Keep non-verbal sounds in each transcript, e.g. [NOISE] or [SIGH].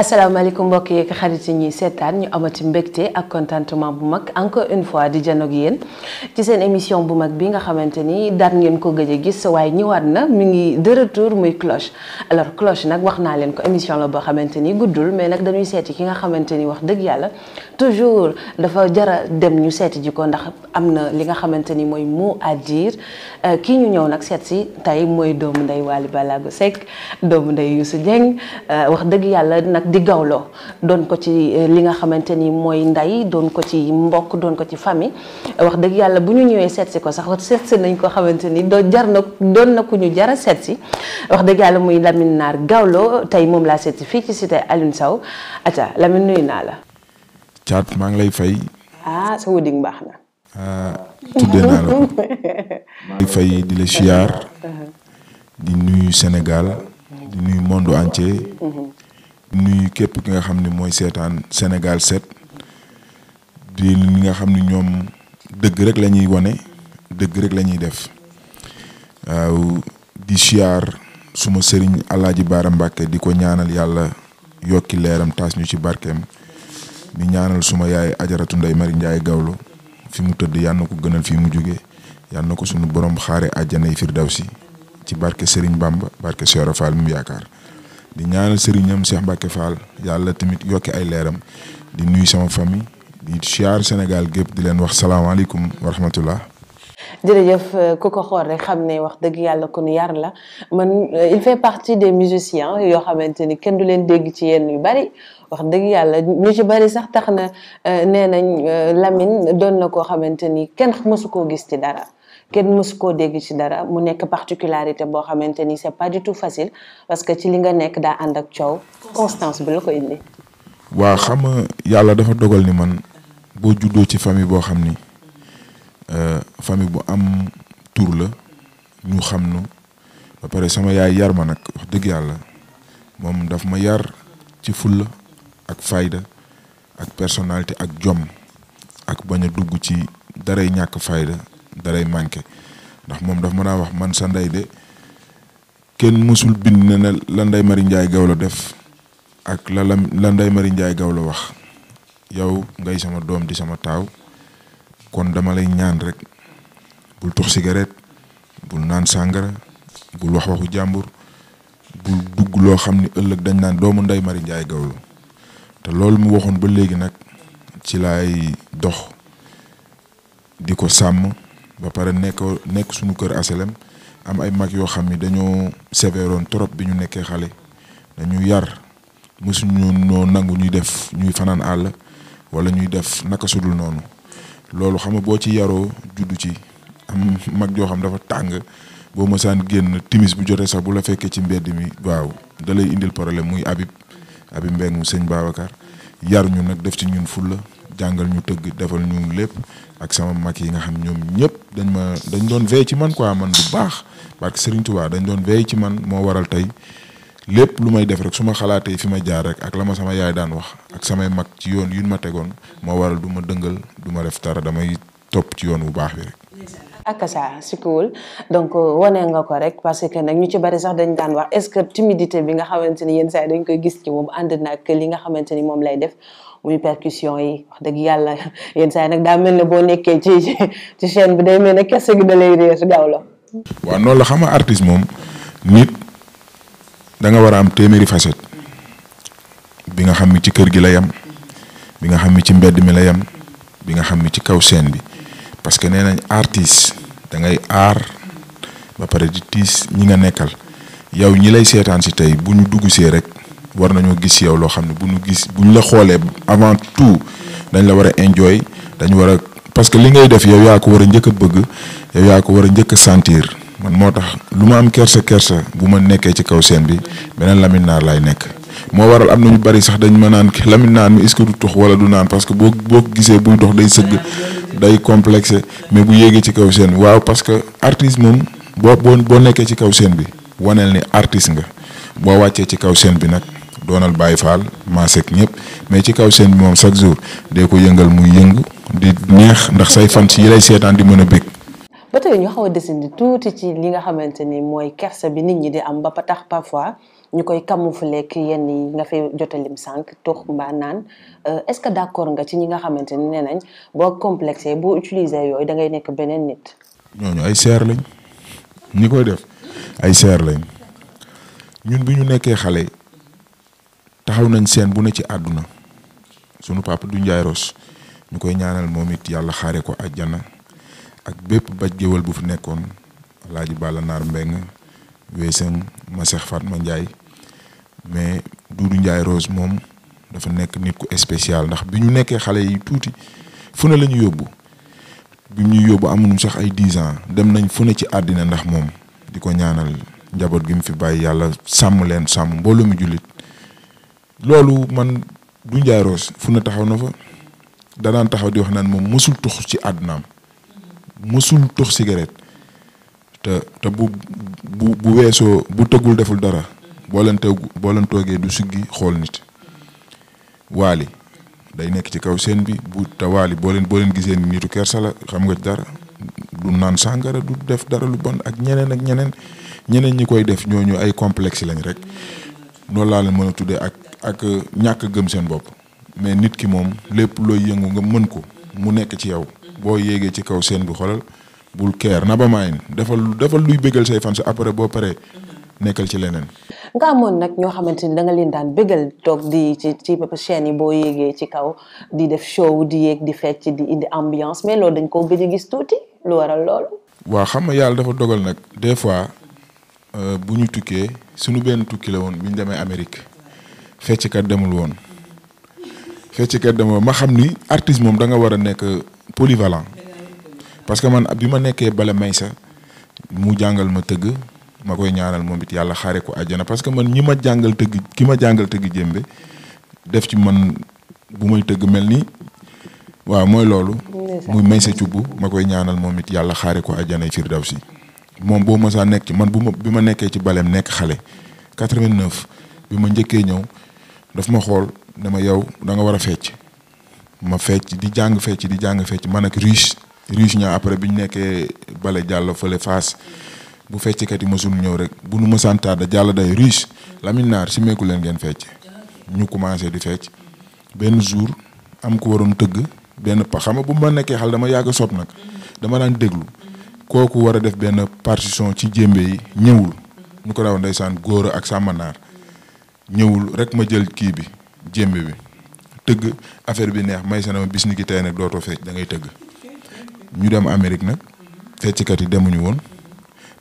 asalaamaaleykum mbokk yeeg xarit yi ñuy seetaan ñu amati mbégte ak contentement bu mag encore une fois di janoog yéen ci seen émission bu mag bi nga xamante ni daan ngeen ko gëj a gis waaye ñëwaat na mu ngi de retour muy cloche alors cloche nag wax naa leen ko émission la boo xamante ni guddul mais nag dañuy seeti ki nga xamante ni wax dëgg yàlla toujours dafa jara dem ñu seeti ji ko ndax am na li nga xamante ni mooy mu à dire euh, kii ñu ñëw nag seet si tey mooy doomu ndey Waly Balago Seck doomu ndey Youssou Dieng euh, wax dëgg yàlla nag di gawloo doon ko ci euh, li nga xamante ni mooy ndey doon ko ci mbokk doon ko ci famille wax dëgg yàlla bu ñu ñëwee seet si ko sax seet si nañ ko xamante ni doo jar na doon na ku ñu jara seet si wax dëgg yàlla muy lamin naar gawloo tey moom laa seet fii ci cité Alioune saw ata Lamine nuyu naa la caat maa ngi lay fay. ah sama dig baax na. Ah, tuddee naa la ko. [LAUGHS] fay di la siyaar. Uh-huh. di nuyu Sénégal. Uh-huh. di nuyu monde entier. Uh-huh. di nuyu képp ki nga xam ni mooy seetaan Sénégal 7. di nga xam ni ñoom dëgg rek la ñuy wane. dëgg rek la def. waaw di siyaar suma sëriñ Alaaji Baara Mbàkke di ko ñaanal yàlla yokki leeram taas ñu ci barkeem. di ñaanal suma yaay ajaratu nday mari njaay gawlo fi mu tëdd yàlla ko gënal fi mu jóge yàlla na ko suñu borom xaare àjjanay si ci barke Serigne Bamba barke Seora Fall mu yaakaar di ñaanal sëriñam Cheikh Mbacke Fall yàlla tamit yokki ay leeram di nuyu sama famille di siyaar Sénégal gépp di leen wax salaamaaleykum wa rahmatullah jërëjëf ku ko xool rek xam ne wax dëgg yàlla kon yar la man euh, il fait partie des musiciens yoo xamante ni kenn du leen dégg ci yenn yu bari wax dëgg yàlla ñu ci bari sax tax na euh, nee nañ euh, Lamine doon na koo xamante ni kenn mësu koo gis ci dara kenn mësu koo dégg ci dara mu nekk particularité boo xamante ni c'est pas du parce que ci li nga nekk daa ànd ak coow constance bi la ko indi. waa xam nga yàlla dafa dogal ni man boo juddoo ci famille boo xam ni euh, famille bu am tur la ñu xam nu ba pare sama yaay yar ma nag wax dëgg yàlla moom daf ma yar ci fulla ak fayda ak personnalité ak jom ak bañ dugg ci daray ñàkk fayda daray manqué ndax moom daf mën wax man sa ndey de kenn mësul bind ne ne la Ndeye Marie Ndiaye Gawlo def ak la la la mari Marie Gawlo wax yow ngay sama doom di sama taaw kon dama lay ñaan rek bul tux cigarette bul naan sàngara bul wax waxu jàmbur bul dugg loo xam ni ëllëg dañ naan doomu Ndeye mari Ndiaye Gawlo loolu mu waxoon ba léegi nag ci lay dox di ko sàmm ba pare nekk nekk suñu kër aselem am ay mag yoo xam ni dañoo sévéroon trop bi ñu nekkee xale dañu yar mosuñu noo nangu ñuy def ñuy fanaan àll wala ñuy def naka sudul noonu loolu xam nga boo ci yaroo juddu ci am mag joo xam dafa tàng boo mësaan génn timis bu jotee sax bu la fekkee ci mbedd mi waaw dalay indil problème muy Habib abi Mbengue mu sëñ Babacar yar ñu nag def ci ñun fulla jàngal ñu tëgg defal ñu lépp ak sama mag yi nga xam ñoom ñëpp dañ ma dañ doon veey ci man quoi man bu baax parce que Serigne dañ doon veey ci man moo waral tey lépp lu may def rek su ma xalaatee fi ma jaar rek ak la ma sama yaay daan wax ak samay mag ci yoon yu ma tegoon moo waral du ma dëngal du ma def dara damay topp ci yoon wu baax bi rek. ak ça c'est cool donc euh, wane nga ko rek parce que nag ñu ci bari sax dañ daan wax est-ce que timidité bi nga xamante ni yenn saa yi dañ koy gis ci moom ànd na ak li nga xamante ni moom lay def muy percussion yi wax dëgg yàlla [LAUGHS] yenn saa yi nag daa mel ne boo nekkee ci [LAUGHS] ci chaîne bi day mel ne kese gi da lay réer gaaw la. waaw noonu la xam nga artiste moom nit da nga war a am téeméeri facette bi nga xam ni ci kër gi la yam bi nga xam ni ci mbedd mi la yam bi nga xam ni ci kaw scène bi. parce que nee nañ artiste da ngay aar ba pare di tiis ñi nga nekkal yow ñi lay seetaan si tey bu ñu dugg see rek war nañoo gis yow loo xam ne bu ñu gis bu ñu la xoolee avant tout dañ la war a enjoy dañ war a parce que li ngay def yow yaa ko war a njëkk bëgg yow yaa ko war a njëkk a man moo tax lu ma am kersa kerse bu ma nekkee ci kaw seen bi beneen Lamine Naar laay nekk. moo waral am na ñu bari sax dañ ma naan Lamine Naar mi est-ce que du tux wala du naan parce que boo boo gisee buy dox day sëgg. day complexe mais bu yéegee ci kaw seen bi waaw parce que artiste moom boo boo boo nekkee ci kaw seen bi waneel ni artiste nga boo wàccee ci kaw seen bi nag doonal Baye Fall maasek ñëpp mais ci kaw seen bi moom chaque jour dee ko yëngal muy yëngu di neex ndax say fan si yi lay seetaan di mën a bég ba tey ñu xaw a desandi tuuti ci li nga xamante ni mooy kersa bi nit ñi di am ba tax parfois ñu koy camoufler ki yenn yi nga fi jotalim sànq tux mbaa naan euh, est-ce que d'accord nga ci ñi nga xamante ni nee nañ boo complexé boo utiliser yooyu da ngay nekk beneen nit. ñooñu ay seer lañ ñi koy def ay seer lañ ñun bi ñu nekkee xale taxaw nañ seen bu ne ci àdduna sunu papa du Ndiaye Ross ñu koy ñaanal moom it yàlla xaare ko àjjana ak bépp baj géwal bu fi nekkoon Alaaji Balla Naar Mbeng weesam ma Cheikh ma Ndiaye mais Doudou Ndiaye Rose moom dafa nekk nit ku spécial ndax bi ñu nekkee xale yi tuuti fu ne la ñu yóbbu bi ñuy yóbbu amuñu sax ay dix dem nañ fu ne ci àddina ndax moom di ko ñaanal njaboot gi mu fi bàyyi yàlla sàmm leen sàmm mbooloo mu jullit loolu man du Ndiaye Rose fu ne taxaw na fa danaan taxaw di wax naan moom mësul tux ci àddinaam mësul tux cigarette te te bu bu bu weesoo bu tëggul deful dara boo leen tëgg boo leen toogee du siggi xool nit waali day nekk ci kaw seen bi bu te waali boo leen boo leen gisee nitu kersa la xam dara du naan sàngara du def dara lu bon ak ñeneen ak ñeneen ñeneen ñi koy def ñoo ñu ay complexe lañ rek loolu laa leen mën a tuddee ak ak uh, ñàkk gëm seen bopp mais nit ki moom lépp looy yëngu nga mën ko mu nekk ci yow boo yéegee ci kaw seen bi xolal bul keer na ba maay defal defal luy bégal say fan sa après boo paree nekkal ci leneen. nga amoon nag ñoo xamante ni da nga leen daan bégal toog di ci ci chaîne yi boo yéegee ci kaw di def show di yéeg di ci di indi ambiance mais loolu dañ koo gëj a gis tuuti lu waral loolu. waaw xam nga yàlla dafa dogal nag des fois euh, bu ñu tukkee suñu benn tukki la woon bi ñu demee Amérique fecckat demul woon fecckat demul woon ma xam ni artiste moom da nga war a nekk polyvalent. parce que man bi ma nekkee bala may sa mu jàngal ma tëgg ma koy ñaanal moom it yàlla xaare ko àjjana parce que man ñi ma jàngal tëgg ki ma jàngal tëgg jéem def ci man bu may tëgg mel ni waaw mooy loolu. muy may sa cubb ma koy ñaanal moom it yàlla xaare ko àjjana firdawsi moom boo ma nekk ci man bu ma bi ma nekkee ci baleem nekk xale 89 bi ma njëkkee ñëw daf ma xool dama yow da nga war a fecc ma fecc di jàng fecc di jàng fecc man ak riche. riche ñaa après bi ñu nekkee bale jàll fële faas bu fecckat yi mosul ñëw rek bu nu mësaan tàdda jàll day riche Lamine Naar si meeku leen ngeen fecc ñu commencé di fecc benn jour am ku waroon tëgg benn pa xam bu ma nekkee xal dama yàgg sob nag dama daan déglu kooku war a def benn partition ci jémbe yi ñëwul ñu ko raw ndeysaan góor ak sàmmanaar ñëwul rek ma jël kii bi jémbe bi tëgg affaire bi neex may sa na ma bis ni ki tey nag fecc da ngay tëgg ñu dem Amérique nag fecckat yi demuñu woon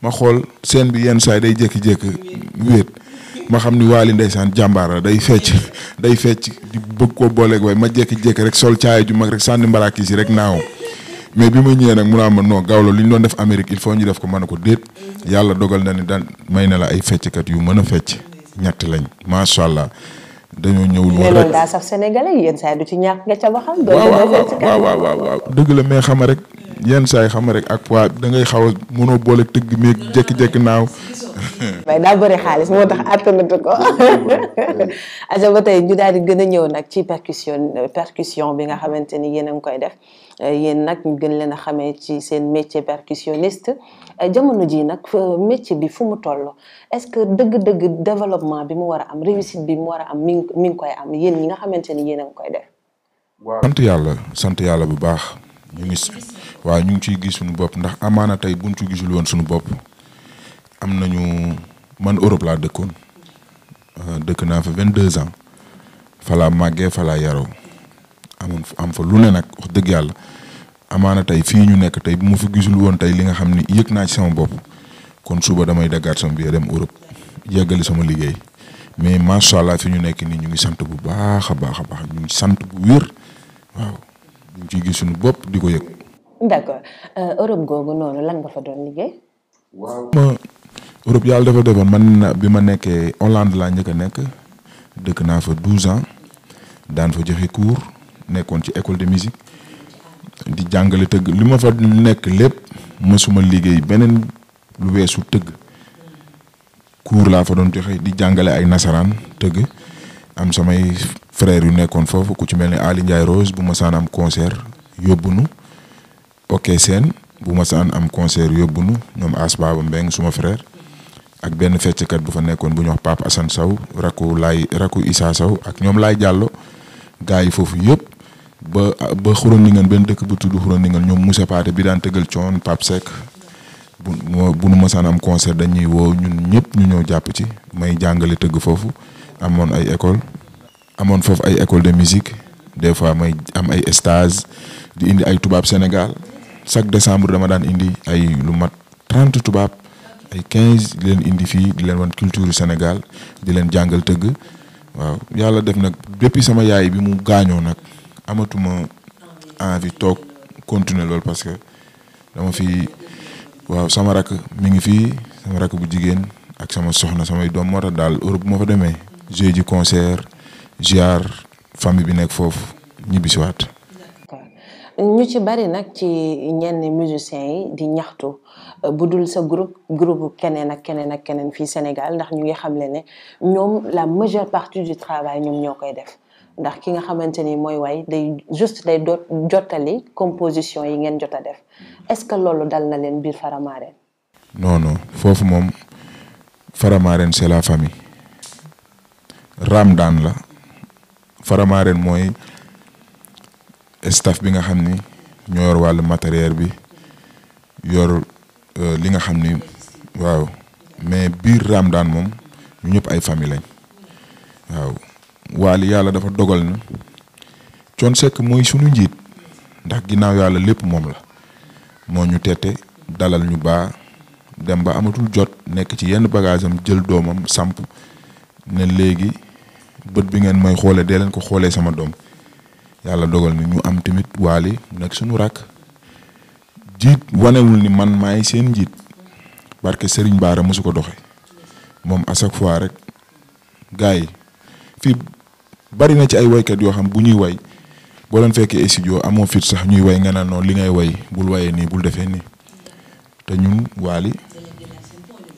ma xool seen bi yenn saay day jékki-jékki wéet ma xam ni Waly ndeysaan jàmbaar la day fecc day fecc di bëgg koo booleeg way ma jékki-jékki rek sol caay ju mag rek sànni mbaraakis yi rek naaw mais bi ma ñëwee nag mu am ma non gaaw la li ñu doon def Amérique il faut ñu def ko mën a ko déet yàlla dogal na ni daan may na la ay fecckat yu mën a fecc ñett lañ macha allah dañoo ñëwul woon rek mais loolu daa sax sénégalais yenn saa du ci ñàkk nga ca waxal. waaw waaw waaw waaw dëgg la mais xam yenn saay xam rek ak waa da ngay xaw a mënoo boole tëgg meeg jékki-jékki bëri xaalis moo tax attanatu ko [LAUGHS] aja ba tey ñu daal di gën a ñëw nag ci percussion percussion bi nga xamante ni yéen a ngi koy def eh, yéen nag ñu gën leen a xamee ci seen métier percussionniste eh, jamono ji nag métier bi fu mu toll est-ce que dëgg-dëgg développement bi mu war a am réussite bi mu war a am mi ngi mi ngi am yéen ñi nga xamante ni yéen a ngi koy def. waaw sant yàlla sant yàlla bu baax waaw ñu ngi ciy gis suñu bopp ndax amaana tey buñ ci gisul woon suñu bopp am nañu man Europe laa dëkkoon euh, dëkk naa fa vingt deux ans falaa màggee falaa yaroo amoon am fa lu ne nag wax dëgg yàlla amaana tey fii ñu nekk tey bu ma fi gisul woon tey li nga xam ni yëg naa ci sama bopp kon suba damay daggaat sama biir dem Europe yeggali sama liggéey mais macha allah fi ñu nekk nii ñu ngi sant bu baax a baax a baax ñu ngi sant bu wér waaw ñu ngi ciy gis suñu bopp di ko yëg. d'accord euh, Europe googu noonu lan yàlla dafa defoon man bi ma nekkee Hollande laa njëkk nekk dëkk naa fa 12 ans daan fa joxe cours nekkoon ci école de musique di jàngale tëgg li ma fa nekk lépp mësuma liggéey beneen lu weesu tëgg cours laa fa doon joxe di jàngale ay nasaraan tëgg am samay frères yu nekkoon foofu ku ci mel ni Ali Ndiaye Rose bu ma saan am concert yóbbu nu bokkee seen bu ma am concert yóbbu nu ñoom As Baba Mbeng suma frère ak benn fecckat bu fa nekkoon bu ñuy papp Pape Assane Sow rakku laay rakku Issa Sow ak ñoom laay jàlloo gaa yi foofu yëpp ba ba Xurandingan benn dëkk bu tudd Xurandingan ñoom Moussa Paate bi daan tëggal coon Pape Seck bu bu nu masaan am concert dañuy woo ñun ñëpp ñu ñëw jàpp ci may jàngale tëgg foofu amoon ay école amoon foofu ay école de musique des fois may am ay stage di indi ay tubaab Sénégal chaque décembre dama daan indi ay lu mat trente tubaab ay quinze di leen indi fii di leen wan culture Sénégal di leen jàngal tëgg waaw yàlla def nag depuis sama yaay bi mu gaañoo nag amatuma envie toog continuer loolu parce que dama fi waaw sama rakk mu ngi fii sama rakk bu jigéen ak sama soxna samay doom moo tax daal Europe moo fa demee. joué ji concert ziar famille bi nekk foofu ñibbisiwaat. ñu ci bari nag ci ñenn musiciens yi di ñaxtu euh, bu dul sa group groupe keneen ak keneen ak keneen fii Sénégal ndax ñu ngi xam ne ñoom la majeure partie du travail ñoom ñoo koy def ndax ki nga xamante ni mooy waaye day juste day doot jottali composition yi ngeen jot a def est-ce que loolu dal na leen biir Faramareen. non non foofu moom Faramareen c'est la Raam daan la Faramareen mooy. staff bi nga xam ni ñoo yor wàllu matériel bi yor euh, li nga xam ni waaw mais biir daan moom ñu ñëpp ay famille lañ waaw waali yàlla dafa dogal na Thione Seck mooy sunu njiit ndax ginnaaw yàlla lépp moom la moo ñu tette dalal ñu baa dem ba amatul jot nekk ci yenn bagage am jël doomam samp ne léegi bët bi ngeen may xoolee dee leen ko xoolee sama doom yàlla dogal ni ñu am tamit waali mu nekk suñu rakk jiit wanewul ni man maay seen jiit parce que Serigne Bara mosu doxe moom à chaque fois rek gars yi fii bari na ci ay waykat yoo xam bu ñuy way boo leen fekkee studio amoo fit sax ñuy way nga naa noonu li ngay way bul wayee nii bul defee nii te ñun waali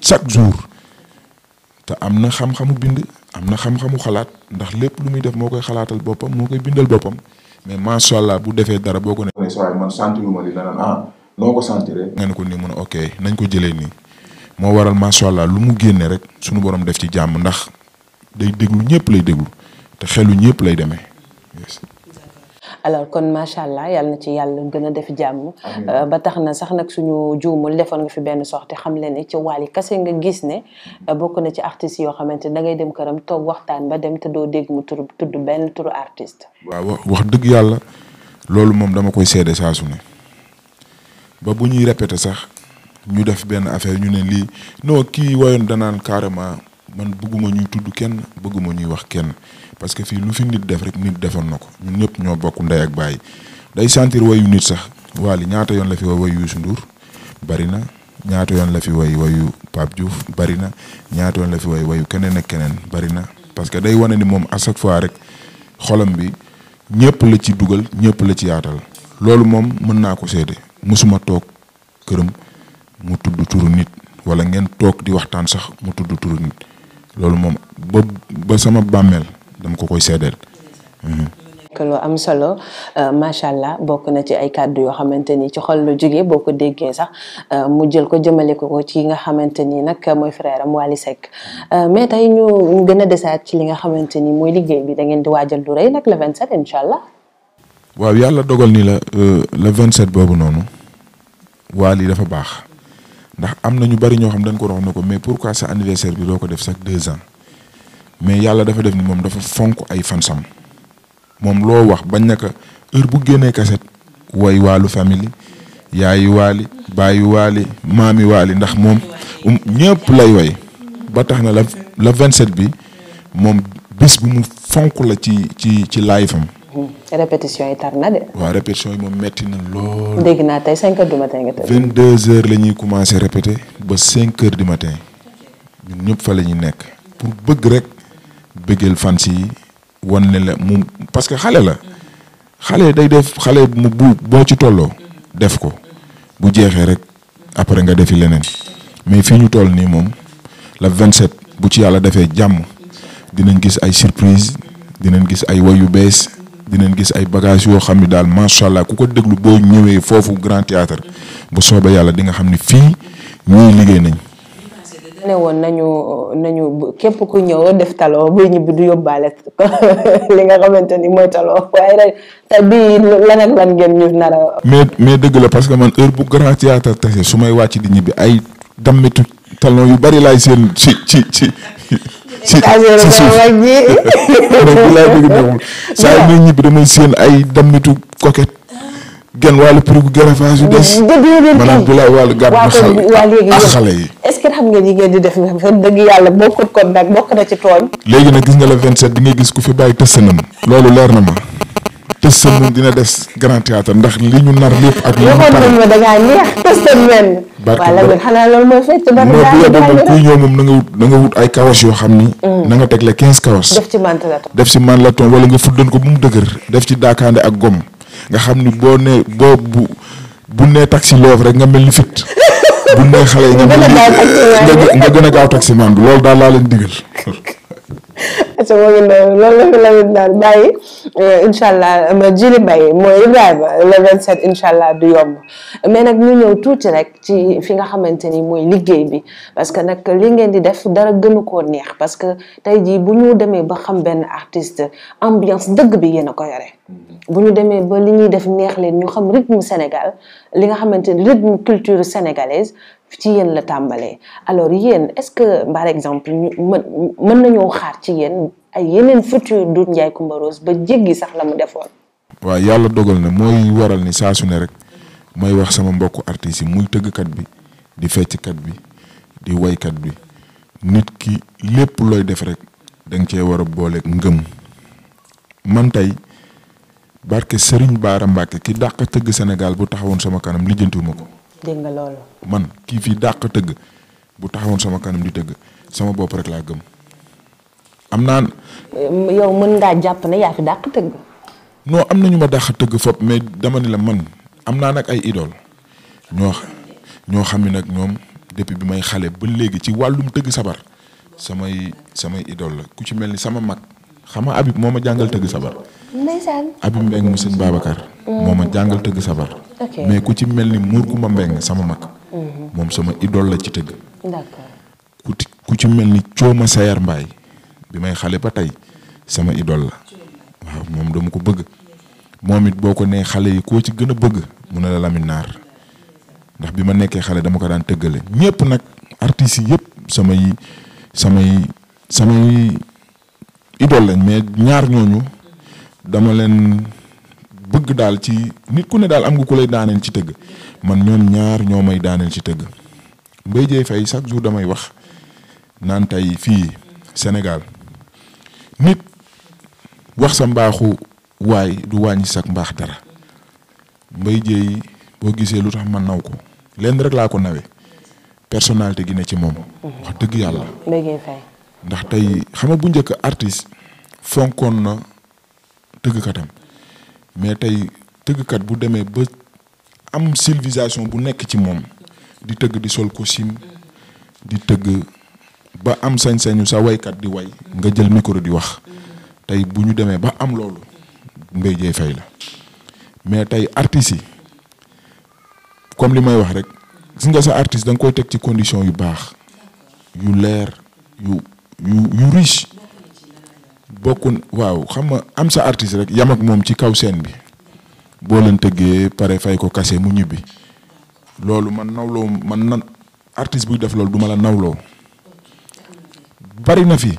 chaque jour te am na xam-xamu bind am na xam-xamu xalaat ndax lépp lu muy def moo koy xalaatal boppam moo koy bindal boppam mais macha allah bu defee dara boo ko ne saa man sentiruma li danaan ah noo ko sentiree nga a ok nañ ko jëlee nii moo waral macha allah lu mu génnee rek suñu borom def ci jàmm ndax day déglu ñëpp lay déglu te xelu ñëpp lay demee alors kon macha allah yàlla na ci yàlla gën a def jàmm. Euh, ba tax na sax nag suñu juumul defoon nga fi benn sortie xam le ne ci Wally kese nga gis ne euh, bokk na ci artistes yoo xamante ne dangay dem këram toog waxtaan ba dem te doo dégg mu tur tudd benn turu artiste. waaw wax dëgg yàlla loolu moom dama koy seede saa su ne ba bu ñuy répété sax ñu def benn affaire ñu ne lii non kii wayoon danaan carrément. man bëgguma ñuy tudd kenn bëgguma ñuy wax kenn parce que fii lu fi nit def rek nit defoon na ko ñun ñëpp ñoo bokk ndey ak bàyyi day sentir wayu nit sax Wally ñaata yoon la fi woy wayu Youssou Ndour bari na ñaata yoon la fi woy wayu Pape Diouf bari na ñaata yoon la fi woy wayu keneen ak keneen bari na parce que day wane ni moom à chaque fois rek xolam bi ñëpp la ci dugal ñëpp la ci yaatal loolu moom mën naa ko seede mosuma toog këram mu tudd turu nit wala ngeen toog di waxtaan sax mu tudd turu loolu moom ba sama bàmmeel dama ko koy seedeel. am solo euh, macha allah bokk na ci ay kàddu yoo xamante ni ci xol la jógee boo ko déggee sax euh, mu jël ko jëmale ko ko ci nga xamante nii nag mooy frère am Wally Seck euh, mais tey ñu gën a desaat ci li nga xamante ni mooy liggéey bi da ngeen di waajal lu rëy nag le 27 incha allah. waaw yàlla dogal ni la le 27 boobu noonu Wally dafa baax. ndax am na ñu bari ñoo xam dañ ko doon na ko mais pourquoi sa anniversaire bi doo ko def chaque deux ans mais yàlla dafa def ni moom dafa fonk ay fansam moom loo wax bañ na ko heure bu génnee kaset woy waalu famille yaayi waali baayu waali maami waali ndax moom um, ñëpp lay woy ba tax na la la 27 bi moom bés bu mu fonk la ci ci ci live am Mm. répétition yi tar na de. yi moom metti na lool. dégg naa tey 5 heures du matin nga tëdd. 22 heures la ñuy commencé répéter ba cinq heures du matin ñun ñëpp fa la ñuy nekk pour bëgg rek bëggeel fans yi wan ne la mu parce que xale la xale day def xale mu boo ci tolloo def ko bu jeexee rek après nga defi leneen mais fii ñu toll nii moom la 27 bu ci yàlla defee jàmm dinañ gis ay surprise dinañ gis ay woy yu bees. dinañ gis ay bagages yoo xam ne daal macha allah ku ko déglu boo ñëwee foofu grand théâtre bu soobee yàlla di nga xam ne fii ñuy liggéey nañ. nañu nañu képp ku ñëw def taloo buy ñibbi du yóbbaale [LAUGHS] li nga xamante ni mooy taloo waaye rek ngeen ñu nar mais dëgg la parce que man heure bu grand théâtre tase su may wàcc di ñibbi ay dammitu talon yu bari laay seen ci ci ci. [LAUGHS] si si suuf [LAUGHS] bu laay bëgg demul saa yu may ñibbi damay séen ay damnitu coquette genn wàllu prix gu garafaas yu des. maanaam bu laay wàllu gàtt bu xale ak xale yi. Ah, est que xam ngeen yi ngeen di def nga xam dëgg yàlla bokkut kon nag bokk na ci tooñ. léegi nag gis nga la 27 di ngay gis ku fi bàyyi tësanam. loolu leer na ma. tëstan moom dina des grand théâtre ndax li ñu nar lépp ak. li moom kuy ñëw moom na nga wut ay kawas yoo xam ni. Mm. na nga tegle quinze kawas. def ci man la ci mantelaton wala nga fuddan ko bu mu dëgër. def ci daakaande ak gom nga xam ni boo nee boo bu bu nee taxi loof rek nga mel ni fit. [LAUGHS] bu nee xale yi nga mel ni nga gën a gaaw taxi man bi loolu daal laa leen digal. [LAUGHS] acca moo ngi noonu loolu la fi Lamine daan bàyyi euh, incha allah ma jili mbay mooy Ibrahima le 27 incha allah du yomb mais nag ñu ñëw tuuti rek ci fi nga xamante ni mooy liggéey bi parce que nag li ngeen di def dara gënu koo neex parce que tey jii bu ñu demee ba xam benn artiste ambiance dëgg bi yéen a ko yore. Mm-hmm. bu ñu demee ba li ñuy def neex leen ñu xam rythme Sénégal li nga xamante ni rythme culture sénégalaise. ci yéen la tàmbalee alors yéen est-ce que par exemple mën mën nañoo xaar ci yéen ay yeneen futur Doudou Ndiaye Coumba Rose ba jéggi sax la mu defoon. waaw yàlla dogal na mooy waral ni saa ne rek may wax sama mbokku artistes yi muy kat bi di fecckat bi di waykat bi nit ki lépp looy def rek da cee war a booleeg ngëm man tey barke Serigne Baara Mbacke ki dàq tëgg senegal bu taxawoon sama kanam lijjantiwuma ko. dégg nga man kii fii dàq tëgg bu taxawoon sama kanam di tëgg sama bopp rek laa gëm am naa. yow mën ngaa jàpp ne yaa fi dàq tëgg. non am na ñu ma dàq tëgg fop mais dama ni la man am naa nag ay idole ñoo ñoo xam ne nag moom depuis bi may xale ba léegi ci wàllum tëgg sabar samay samay idole la ku ci mel ni sama mag. xam nga abi moo ma jàngal tëgg sabar. ndeysaan Habib Mbengue mu sëñ Babacar. Mm. moo ma jàngal tëgg sabar. mais ku ci mel ni Mour Kumba Mbengue sama mag. Mm-hmm. moom sama idole la ci tëgg. ku ci mel ni Cooma Sayar Mbaay bi may xale ba tey sama idole la waaw moom dama ko bëgg moom it boo ko nee xale yi koo ci gën a bëgg mu ne la Lamine Naar ndax bi ma nekkee xale dama ko daan tëggale ñépp nag artistes yi yëpp samay samay samay. idole lañ mais ñaar ñooñu dama leen bëgg daal ci nit ku ne daal am nga ku lay daaneel ci tëgg man ñoom ñaar ñoo may daaneel ci tëgg Mbaye Dieye Faye chaque jour damay wax naan tey fii senegal nit wax sa mbaaxu waay du wàññi sa mbaax dara Mbaye Dieye boo gisee lu tax man naw ko lenn rek laa ko nawe personnalité gi ne ci moom wax dëgg yàlla. ndax tey xam nga bu njëkk artiste fonkoon na tëggkatam mais tey tëggkat bu demee ba am civilisation bu nekk ci moom di tëgg di sol costume di tëgg ba am sañ-sañu sa waykat di way nga jël micro di wax tey bu ñu demee ba am loolu Mbaye Dieye Faye la mais tey artistes yi comme li may wax rek gis nga sa artiste da nga koy teg ci condition yu baax yu leer yu yu riche bokku waaw xam nga am sa artiste rek yam ak moom ci kaw scène bi boo leen tëggee pare fay ko kase mu ñibbi loolu man nawloo man na artiste buy def loolu duma la nawloo bari na fi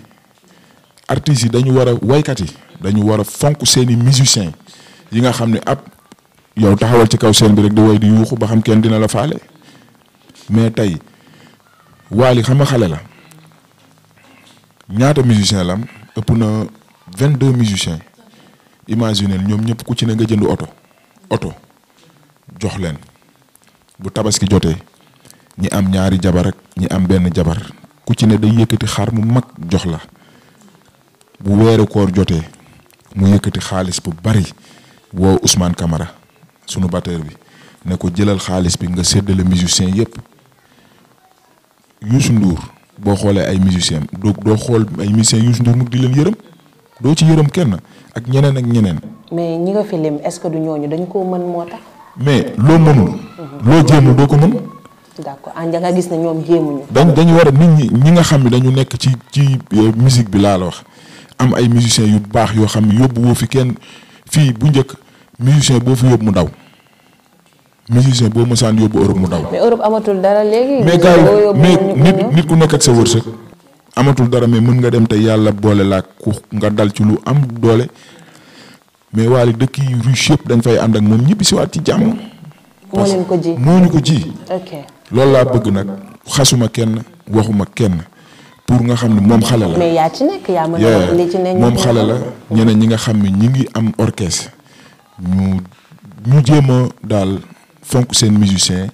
artistes yi dañu war a waykat yi dañu war a fonk seeni musiciens yi nga xam ne ab yow taxawal ci kaw scène bi rek di way di yuuxu ba xam kenn dina la faale mais tey waali xam xale la ñaata musicien lam am ëpp na vingt deux musiciens imaginel ñoom ñëpp ku ci ne nga jënd oto oto jox leen bu tabaski jotee ñi am ñaari jabar ak ñi am benn jabar ku ci ne day yëkkati xar mu mag jox la bu weeru koor jotee mu yëkkati xaalis bu bari woo usmaan Camara sunu batteur bi ne ko jëlal xaalis bi nga séddale musicien yëpp Youssou Ndour boo xoolee ay musiciens doo doo xool ay musiciens Youssou Ndour mu di leen yërëm doo ci yërëm kenn ak ñeneen ak ñeneen. mais ñi nga fi lim ce que du ñooñu dañ koo mën moo tax. mais loo mënul. loo jéemul doo ko mën. d'accord ah nga gis ne ñoom jéemuñu. dañ dañu war a nit ñi ñi nga xam ne dañu nekk ci ci euh, musique bi laa la wax am ay musiciens yu baax yoo xam ne yóbbu woo fi kenn fii bu njëkk musicien boo fi yóbbu mu daw. musicien boo mësaan yóbbu Europe mu daw. mais Europe amatul dara léegi. mais gars mais nit ku nekk sa wërsëg. amatul dara mais mën nga dem te yàlla boole laa ku nga dal ci lu am doole mais waali dëkk yi ruche yëpp dañ fay ànd ak moom ñibbi si waat ci jàmm. ko ji loolu laa bëgg nag xasuma kenn waxuma kenn pour nga xam ne moom xale la. mais moom xale la ñeneen ñi nga xam ne ñi ngi am orchestre ñu ñu daal. fonk seen musicien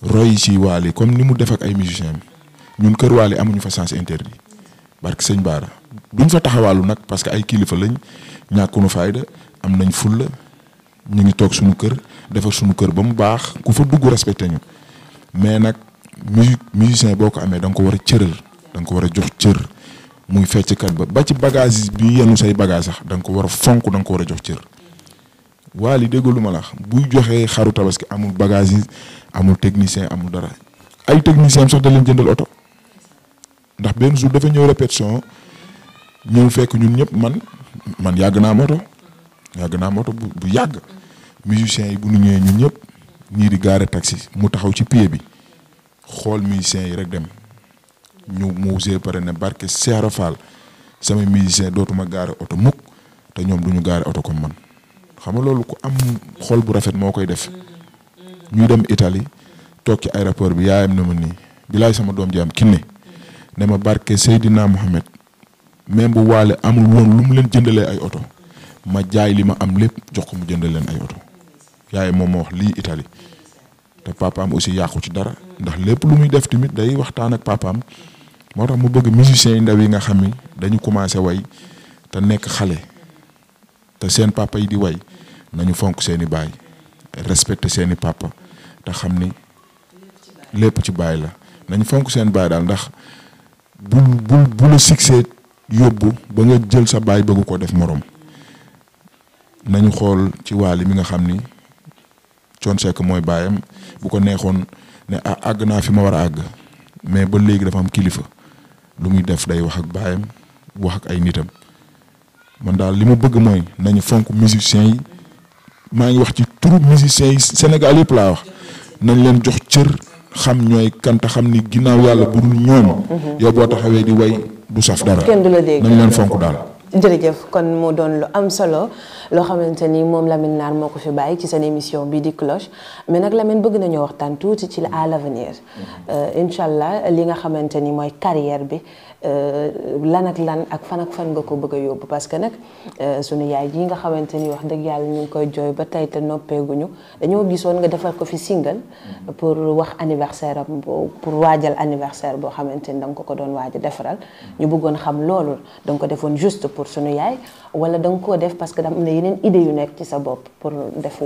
roy ci yi comme ni mu def ay musicien bi ñun kër Waly amuñu fa sens interdit barke sëñ Baara duñ fa taxawaalu nag parce que ay kilifa lañ ñàkkunu fayda am nañ fulla ñu ngi toog suñu kër defar suñu kër ba mu baax ku fa dugg respecté ñu mais nag musique musicien boo ko amee da ko war a cëral da nga ko war a jox cër muy fecckat ba ba ci bagage bi yenu say bagage sax da nga ko war a fonk da nga ko war a jox cër waa li dégg lu ma la buy joxee xaru tabaski amul bagage yi amul technicien amul dara ay technicien am sax da leen jëndal oto ndax benn jour dafa ñëw répétition ñëw fekk ñun ñëpp man man yàgg naa moto yàgg naa moto bu bu yàgg musiciens yi bu ñu ñëwee ñun ñëpp ñii di gaare taxi mu taxaw ci pied bi xool musiciens yi rek dem ñu mu usee pare ne barke Seera Fall samay musiciens dootuma gaare oto mukk te ñoom du ñu gaare oto comme man. xam nga loolu ku am xol bu rafet moo koy def ñuy dem itali toog ci aéroport bi yaayam na ma nii bilaay sama doom ji am kinne ne ma barke Seydina Mohamed même bu waale amul woon lu mu leen jëndalee ay oto ma jaay li ma am lépp jox ko mu jënd leen ay oto yaay moom ma wax lii Italie te papaam aussi yàqu ci dara ndax lépp lu muy def tamit day waxtaan ak papaam moo tax mu bëgg musiciens yi ndaw yi nga xam ni dañu commencé way te nekk xale te seen papa yi di way nañu fonk seeni i baay respecté seen i papa te xam ni lépp ci baay la nañu fonk seen baay daal ndax bu bu bu la succès yóbbu ba nga jël sa baay bëgg ko def moroom nañu xool ci waali mi nga xam ni Thione Seck mooy baayam bu ko neexoon ne ah àgg naa fi ma war a àgg mais ba léegi dafa am kilifa lu muy def day wax ak baayam wax ak ay nitam man daal li ma bëgg mooy nañu fonk musiciens yi. maa ngi wax ci turu musiciens yi Sénégal yëpp laa wax nañ leen jox cër xam ñooy kanta xam ni ginnaaw yàlla bu dul ñoom. Mhm. yow boo taxawee di way du saf dara. kenn du la leen fonk daal. jërëjëf kon mu doon lu am solo loo xamante ni moom Lamine Nar moo ko fi bàyyi ci seen émission bii di cloche nag Lamine bëgg nañoo waxtaan ci à l'avenir euh, incha allah li nga xamante ni mooy carrière bi euh, lan ak lan ak fan fan nga ko bëgg yóbbu parce que nag euh, sunu yaay ji nga xamante ni wax dëgg yàlla ñu ngi koy jooy ba tey te noppeeguñu dañoo gisoon nga defar ko fi single pour wax anniversaire am pour waajal anniversaire boo xamante ni da nga ko ko doon waaj a defaral ñu bëggoon xam loolu da ko defoon juste pour sunu yaay wala da nga koo def parce que am na def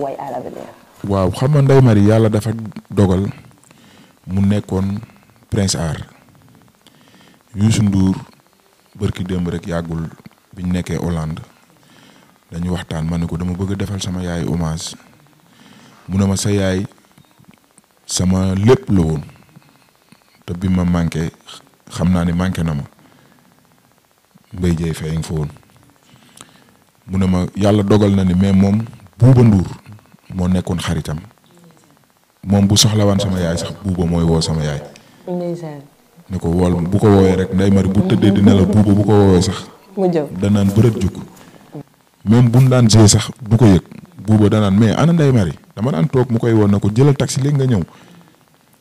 waaw xam nga Ndeye Marie yàlla dafa dogal mu nekkoon prince art Youssou Ndour bërki démb rek yàggul biñ nekkee Hollande dañu waxtaan ma ne ko dama bëgg a defal sama yaay hommage mu ne ma sa yaay sama lépp la woon te bi ma manqué xam naa ni manqué na ma Mbaye Dieye fa woon mu ne ma yàlla dogal na ni mais moom buuba nduur moo nekkoon xaritam moom bu soxlawaan sama yaay sax buuba mooy woo sama yaay. ne ko wool bu ko woowee rek nday mari bu tëddee dina la buuba bu ko woowee sax. danaan bërët jug. même bu mu daan jiyee sax du ko yëg buuba danaan mais ana nday mari dama daan mu koy woon na ko jëlal taxi léegi nga ñëw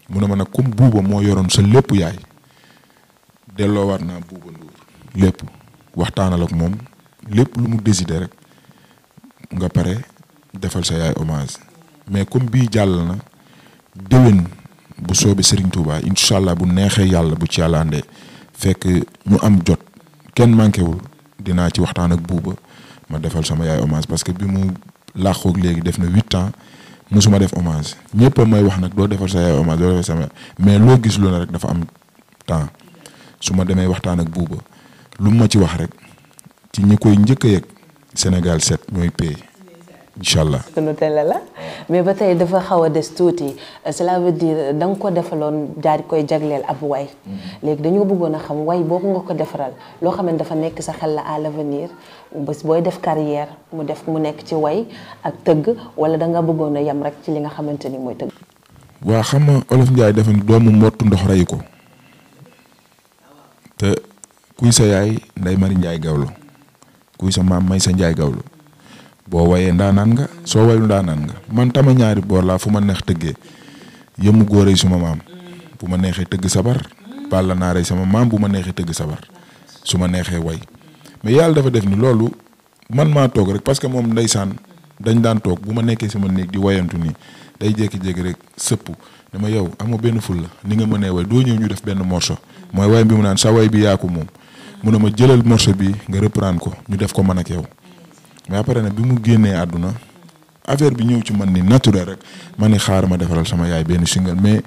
mu ne ma nag comme buuba moo yoroon sa lépp yaay delloowaat naa buuba nduur lépp. waxtaanal ak moom lépp lu mu décider rek nga pare defal sa yaay hommage mais comme bii jàll na déwén bu soobee Serigne Touba incha allah bu neexee yàlla bu ci yàlla àndee fekk ñu am jot kenn manqué wul dinaa ci waxtaan ak buuba ma defal sama yaay hommage parce que bi mu làqoog léegi def na huit ans mosuma def hommage ñëpp may wax nag doo defal sa yaay mais loo gis lu ne rek dafa am temps su ma demee waxtaan ak buuba lu ma ci wax rek ci ñi koy njëkk a Sénégal set mooy pay incha allah. sunu télé la mais ba tey dafa xaw a des tuuti cela veut dire da nga ko defaloon jaar koy jagleel ab way. léegi dañoo bëggoon a xam way boobu nga ko defaral loo xam ne dafa nekk sa xel la à booy def carrière mu def mu nekk ci way ak tëgg wala danga bëggoon a yem rek ci li nga xamante ni mooy tëgg. waa xam nga olof Ndiaye dafa ne doomu mbottu ndox rey ko kuy sa yaay nday mari njaay gawlo kuy sa maam may sa njaay gawlo boo wayee ndaanaan nga soo wayul ndaanaan nga man tama ñaari boor laa fu ma neex tëggee yëm góor suma maam bu ma neexee tëgg sabar bàlla naaree sama maam bu ma neexee tëgg sabar su ma neexee way mais yàlla dafa def ni loolu man maa toog rek parce que moom ndeysaan dañ daan toog bu ma nekkee sama néeg di wayantu nii day jékki-jékki rek sëpp dama yow amoo benn ful la ni nga mënee way doo ñëw ñu def benn morceau mooy way bi mu naan sa bi yaa ko moom mu ne ma jëlal morceau bi nga reprendre ko ñu def ko man ak yow mais pare nag bi mu génnee àdduna affaire bi ñëw ci man ni naturel rek ma ni xaar ma defaral sama yaay benn single mais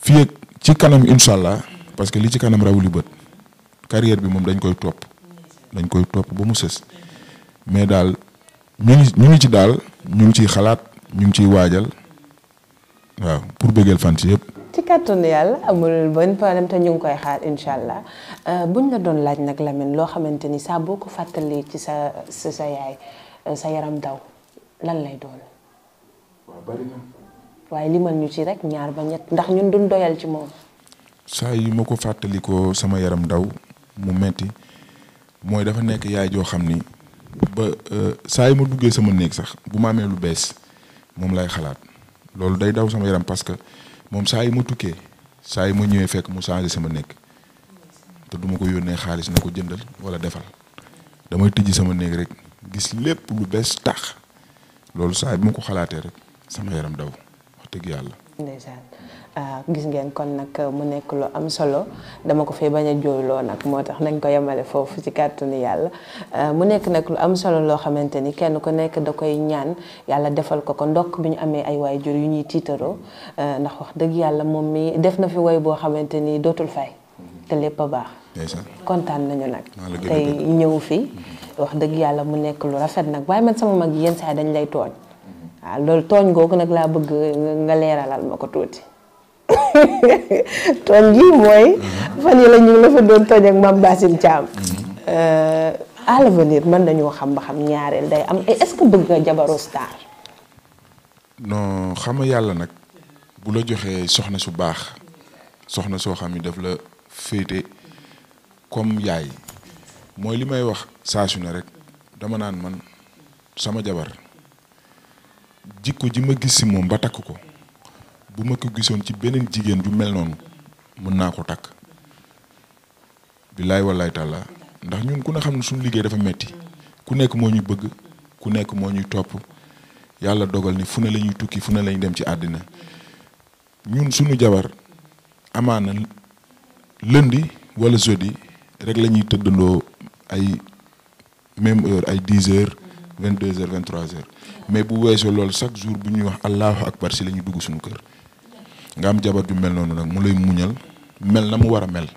fii ak ci kanam incha allah parce que li ci kanam rawuli bët carrière bi moom dañ koy topp dañ koy topp ba mu sës mais daal ñu ngi ñu ngi ci daal ñu ngi ciy xalaat ñu ngi ciy waajal waaw pour bëggeel fan si yëpp. ci kàttanu yàlla amul bon problème te ñu ngi koy xaar incha allah euh, buñ la doon laaj nag Lamine loo xamante ni saa boo ko fàttalee ci sa sa euh, sa yaram daw lan lay doon. waaw bari na. waaye limal ñu ci rek ñaar ba ñett ndax ñun duñ doyal ci moom. saa yi ma ko fàttali ko sama yaram daw mu metti mooy dafa nekk yaay joo xam ni ba euh, saa yu ma duggee sama néeg sax bu ma amee lu bees moom lay xalaat loolu day daw sama yaram parce moom saa yi ma tukkee saa yi ma ñëwee fekk mu changé sama nekk te duma ko yónnee xaalis na ko jëndal wala defal damay tijji sama néeg rek gis lépp lu bees tax loolu saa yi bi ma ko xalaatee rek sama yaram daw wax dëgg yàlla. ndeysaan ah, gis ngeen kon nag mu nekk lu am solo dama ko fee bañ a jooyloo nag moo tax nañ ko yemale foofu ci kàttanu yàlla ah, mu nekk nag lu am solo loo xamante ni kenn ku nekk da koy ñaan yàlla defal ko ko ndokk bi ñu amee ay waay jur yu ñuy tiitaroo ah, ndax wax dëgg yàlla moom mii def na fi woy boo xamante ni dootul fay te lépp a baax kontaan nañu nag tey ñëw fi wax dëgg yàlla mu nekk lu rafet nag waaye man sama mag yenn saa dañ lay tooñ waaw ah, loolu tooñ googu nag laa bëgg nga leeralal ma ko tuuti [LAUGHS] tooñ gi mooy mhm. fan yi la ñu la fa doon tooñ ak Mame Bassine Thiam mhm. euh, à l'avenir mën nañoo xam ba xam ñaareel day am est bëgg nga jabaru star non xam nga yàlla nag bu la joxee soxna su baax soxna soo xam ni daf la féete comme yaay mooy li may wax saa su ne rek dama naan man sama jabar jikko ji ma gis si moom ba takk ko bu ma ko gisoon ci beneen jigéen ju mel noonu mën naa ko takk billaay wallaay tàllaa ndax ñun ku ne xam ne suñu liggéey dafa metti ku nekk moo ñu bëgg ku nekk moo ñuy topp yàlla dogal ni fu ne lañuy tukki fu ne la dem ci àddina ñun suñu jabar amaana lëndi walla jeudi rek lañuy tëddandoo ay même heure ay dix heures 22h 23h mais bu weesoo loolu chaque jour bu ñuy wax allahu ak si la ñuy dugg suñu kër nga am jabar ju mel noonu nag mu lay muñal mel na mu war a mel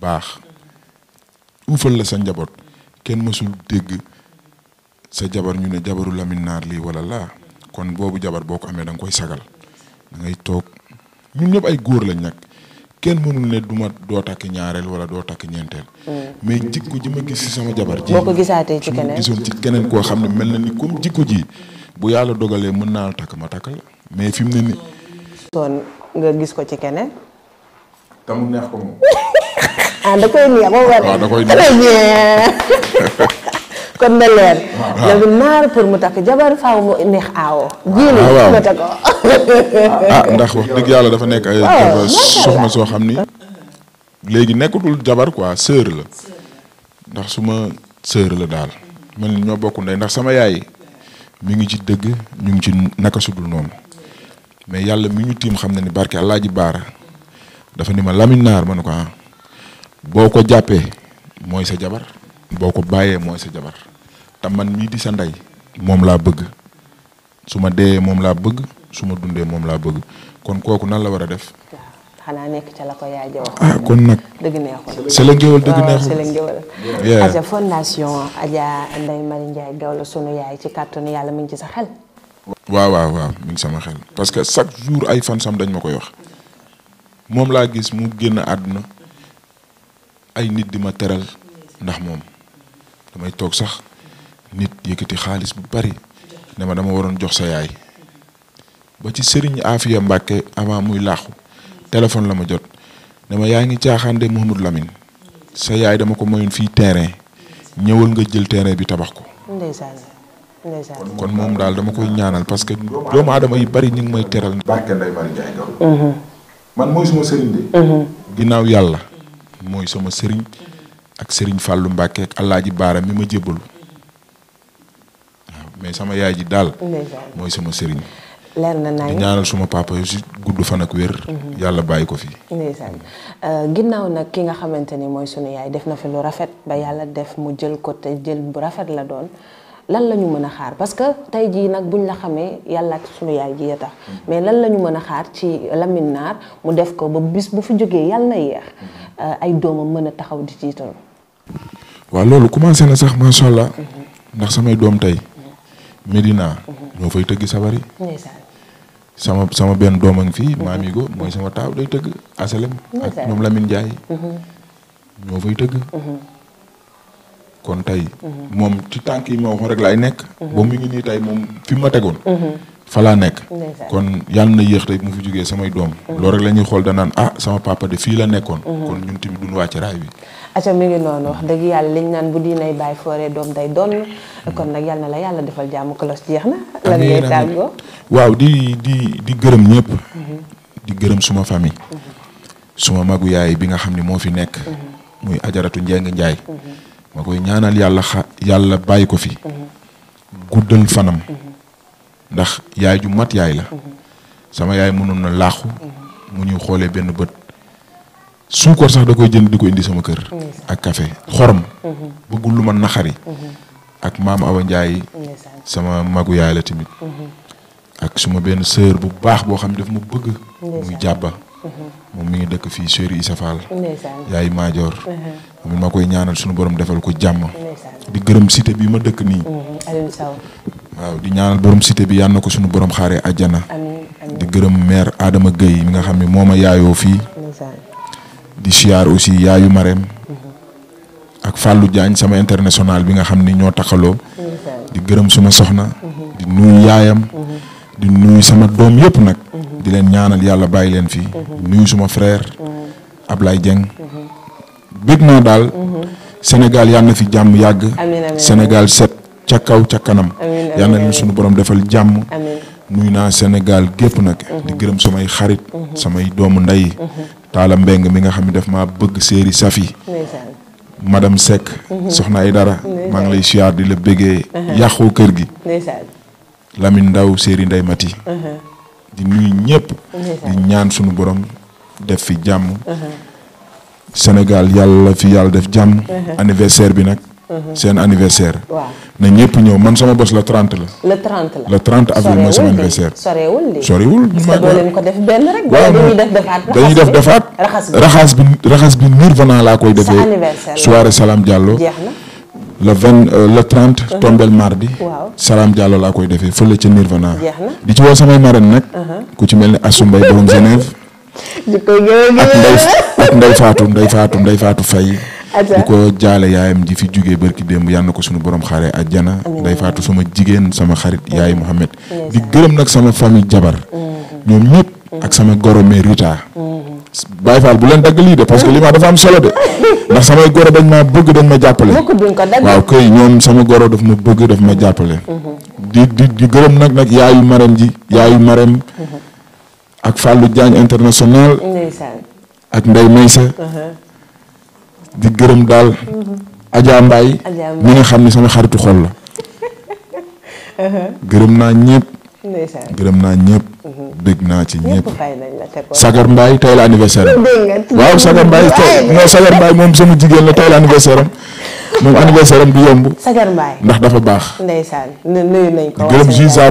baax uufal la sa njaboot kenn mësul dégg sa jabar ñu ne jabaru Lamine Naar lii wala laa kon boobu jabar boo ko amee da nga koy sagal da ngay toog ñun ñëpp ay góor lañ nag kenn mënul ne du ma doo takk ñaareel wala doo takk ñeenteel. Mm. mais jikko ji ma gis si sama jabar ji. boo ko gisaatee ci keneen gisoon ci keneen koo xam ne mel na ni comme jikko ji bu yàlla dogalee mën naa la takk ma takk la mais fi mu ne ni soon nga gis ko ci keneen. te neex ko moom. [LAUGHS] ah da koy neex ba war. waaw da koy [LAUGHS] neex [LAUGHS] kon na pour mu takk jabar faaw mu neex aawoo. Ah, ah ndax wax dëgg yàlla dafa nekk ay. Oh, dafa soxna soo xam ni. léegi nekkatul jabar ko sœur la. ndax suma sœur la daal. man ñoo bokk ndey ndax sama yaay. mu ngi ci dëgg ñu ngi ci naka sudul noonu. mais yàlla mi ñu tiim xam na ni barke Alaaji Baara. dafa ni ma Lamine Naar ma ko ah. boo ko jàppee mooy sa jabar. boo ko bàyyee mooy sa jabar. te man mii di sa ndey moom laa bëgg su ma deeyee moom laa bëgg su ma dundee moom laa bëgg kon kooku nan la war a def. xanaa nekk ca la ko yaay jox. Ah, kon nag dëgg neexul. c'est le géwël dëgg neexul c'est le géwël. Adja waaw waaw waaw mi sama xel parce que chaque jour ay fan sam dañ ma koy wax moom laa gis mu génn àdduna ay nit di ma teral ndax moom damay toog sax. nit yëkkati xaalis bu bari ne ma dama waroon jox sa yaay ba ci Serigne Afia Mbacke avant muy laaxu téléphone la ma jot ne ma yaa ngi caaxaande Mouhamad Lamine sa yaay dama ko mayoon fii terrain ñëwal nga jël terrain bi tabax ko. ndeysaan ndeysaan moom daal dama koy ñaanal parce que doomu aadama yu bari ñu ngi may teral. Mbacke Ndeye mhm. mhm. yàlla. mooy sama sëriñ. ak sëriñ fàllu Mbacke ak El Hadj Baara mi ma jébbalu. mais sama yaay ji daal. mooy sama sëriñ. leer na nañ ñaanal suma papa yu si gudd fan ak wér. Mhm. yàlla bàyyi ko fi. Euh, ginnaaw nag ki nga xamante ni mooy sunu yaay def na fi lu rafet ba yàlla def mu jël ko te jël bu rafet la doon lan la ñu mën a xaar parce que tey jii nag buñ la xamee yàlla ak sunu yaay ji ya tax. Mhm. mais lan la ñu mën a xaar ci Lamine Nar mu def ko ba bis bu fi jógee yàlla na yéex mhm. euh, ay doomam mën a taxaw di jiital. waaw loolu commencé na sax macha doom Medina. ñoo fay tëgg sabari sama sama benn doomam fii. Mamigo mhm. mooy sama taaw day tëgg asalem. ak moom Lamine Ndiaye. Mhm. ñoo fay tëgg. Mhm. kon tey. moom ci tànk yi ma rek laay nekk. ba mu ngi nii tey moom fi ma tegoon. fa nekk. kon yàlla na yéex tey mu fi jógee samay doom. loolu rek la ñuy xool danaan ah sama papa de fii la nekkoon. kon ñun tamit duñ wàcc raay bi. aca mi ngi noonu wax dëgg yàlla liñ naan bu diinay bàyyi foore doom day doon kon nag yàlla yàlla defal jàmm kolos jeex na lan ngay tàggoo waaw di di di gërëm ñëpp mhm. di gërëm suma famille mhm. suma magu yaay bi nga xam ni moo fi nekk mhm. muy ajaratu njeng njaay ma koy ñaanal yàlla xa yàlla bàyyi ko fi guddal fanam ndax yaay ju mat yaay la sama yaay mënoon na laaxu mu ñuy xoolee benn bët suukar sax da koy jënd di ko indi sama kër. ak café xorom. Mm-hmm. bëggul lu ma naxari. Mm-hmm. ak maam Awa Ndiaye. sama magu yaay la tamit. Mm-hmm. ak suma benn sœur bu baax boo xam ne daf ma bëgg. muy jàbba. moom mi ngi dëkk fii Sëriñ Issa yaay Maajoor. moom maa koy ñaanal sunu borom defal ko jàmm. di gërëm cité bi ma dëkk nii. waaw di ñaanal borom cité bi yàlla na ko suñu borom xaaree àjjana. di gërëm maire aadama Gueye mi nga xam ne moo ma yaayoo fii. di siyaar aussi yaayu Marème ak Fallou Diagne sama international bi nga xam ni ñoo taxaloo di gërëm suma soxna di nuyu yaayam di nuyu sama doom yëpp nag di leen ñaanal yàlla bàyyi leen fii nuyu suma frère Ablaye Dieng bëgg naa daal Sénégal yàlla na fi jàmm yàgg Sénégal set ca kaw ca kanam yàlla leen suñu borom defal jàmm nuyu naa Sénégal gépp nag di gërëm samay xarit samay doomu ndey Talla Mbeng mi nga xam ne daf maa bëgg séeri Safi. madame Seck. Mhm. soxna ay dara. maa ngi lay siyaar di la bëggee. Mhm. yàqoo kër gi. Lamine Ndaw séeri Ndey Mati. Mhm. di nuyu ñëpp. di ñaan sunu borom def fi jàmm. Sénégal yàlla fi yàlla def jàmm. anniversaire bi nag. Mhm. seen anniversaire. waaw na ñëpp ñëw man sama bos le 30 la. le 30 la le 30 avril mooy sama anniversaire. sorewul de sorewul de. ma doo ko def def defaat raxas bi raxas bi nirvana laa koy defee. sa salaam soirée Salam Diallo. jeex na le 20 euh, le 30. Mhm. tombel mardi. waaw Salam laa koy defee fële ci nirvana. jeex na di ci woo samay marraines nag. Mhm. ku ci mel ni Assou Mbaye borom Genève. [LAUGHS] di koy gërëm ak Ndeye ak Ndeye Fatou Ndeye Fatou Ndeye di ko jaale yaayam ji fi jugee barki démb yal na ko suñu borom xaaree àjjana day faatu sama jigéen sama xarit yaay Mouhamed di gërëm nag sama famille jabar ñoom ñëpp ak sama goro bu leen dagg lii parce que li ma dafa am solo de [LAUGHS] ndax samay goro dañ ma bëgg dañ ma jàppale waaw kay goro daf bëgg daf ma jàppale mm-hmm. di gërëm nag nag yaayu marem ji mm-hmm. yaayu marem mm-hmm. ak Fallou Diagne international ak Ndeye Maysa di gërëm daal. Adja Mbaye mi nga xam ne sama xaritu xol la. Uh-huh. gërëm naa ñëpp. gërëm naa ñëpp. dégg uh-huh. naa ci ñëpp. Sagar Mbaye tey la anniversaire am. waaw Sagar Mbaye tey non Sagar moom sama jigéen la tey la anniversaire am. moom anniversaire am du yomb. ndax dafa baax. ndeysaan nuyu nañ ko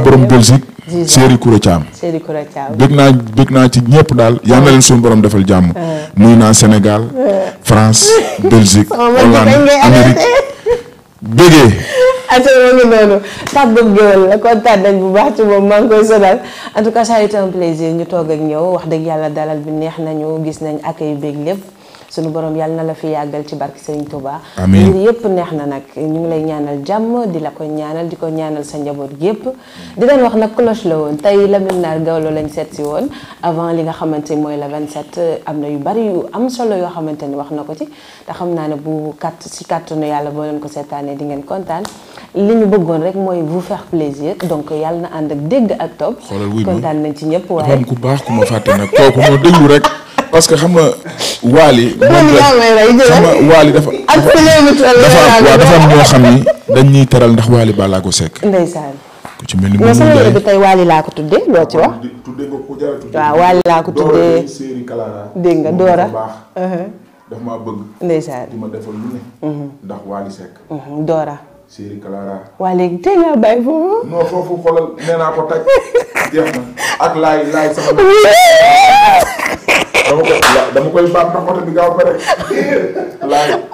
borom Belgique. Séeri Koura Thiam bëgg naa bëgg naa ci ñëpp daal yal na leen suñu borom defal jàmm nuyu naa Sénégal France [LAUGHS] Belgique Hollande Amérique bëggee aca moo ngi noonu tàggu géwél la kontaan nañ bu baax ci moom maa ngi koy sonal en tout cas ça a été un ñu toog ak ñëw wax dëgg yàlla dalal bi neex nañu gis nañ accueil beeg lépp sunu boroom yàlla na la fi yàggal ci barke Serigne Touba. amiin mbir yëpp neex na nag ñu ngi lay ñaanal jàmm di la ko ñaanal di ko ñaanal sa njaboot yëpp. di leen wax nag cloche la woon tey Lamine Nar Gawlo lañ seet si woon avant li nga xamante mooy la 27 am na yu bari yu am solo yoo xamante ni wax na ko ci te xam naa ne bu kàtt si kàttanu yàlla boo leen ko seetaanee di ngeen kontaan li ñu bëggoon rek mooy vous faire plaisir donc yàlla na ànd ak dégg ak topp. nañ ci ñëpp parce que xam nga Wally. [LAUGHS] dafa. dafa dafa am ñoo xam ni dañ ñuy teral ndax Wally Ballago Seck. ndeysaan. ku ci mel ni moom laa ko tuddee loo ci wax. waaw Wally laa ko tuddee. dégg nga Dora. Uh-huh. dafa maa bëgg. ndeysaan di ma defal lu ne. Uh-huh. Uh-huh, bàyyi foofu. non foofu xoolal nee naa ko taj [LAUGHS] jeex na ak laay laay sama. [LAUGHS] dama koy dama koy baat ndax oto bi gaaw pare.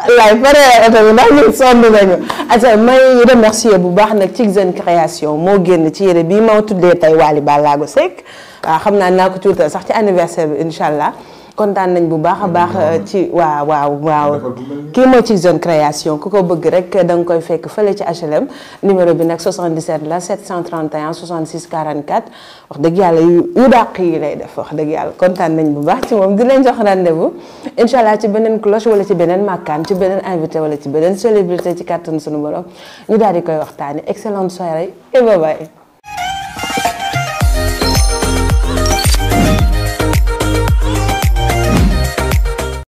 wallaay pare oto bi ndax ñun sonn nañu. asa may remercier bu baax nag ci seen création moo génn ci yére bii ma tuddee tey Wally Ballago Seck waaw xam naa naa ko tuutal sax ci anniversaire bi incha allah. kontaan nañ bu baax a baax euh, ci waaw waaw waaw kii moo ci zone création ku ko bëgg rek danga koy fekk fële ci HLM numéro bi nag 77 la 731 66 44 wax dëgg yàlla yu yu dàq yi lay def wax dëgg yàlla kontaan nañ bu baax ci moom di leen jox rendez-vous incha allah ci beneen cloche wala ci beneen màkkaan ci beneen invité wala ci beneen célébrité ci kàttan suñu borom ñu daal di koy waxtaani excellente soirée et bye bye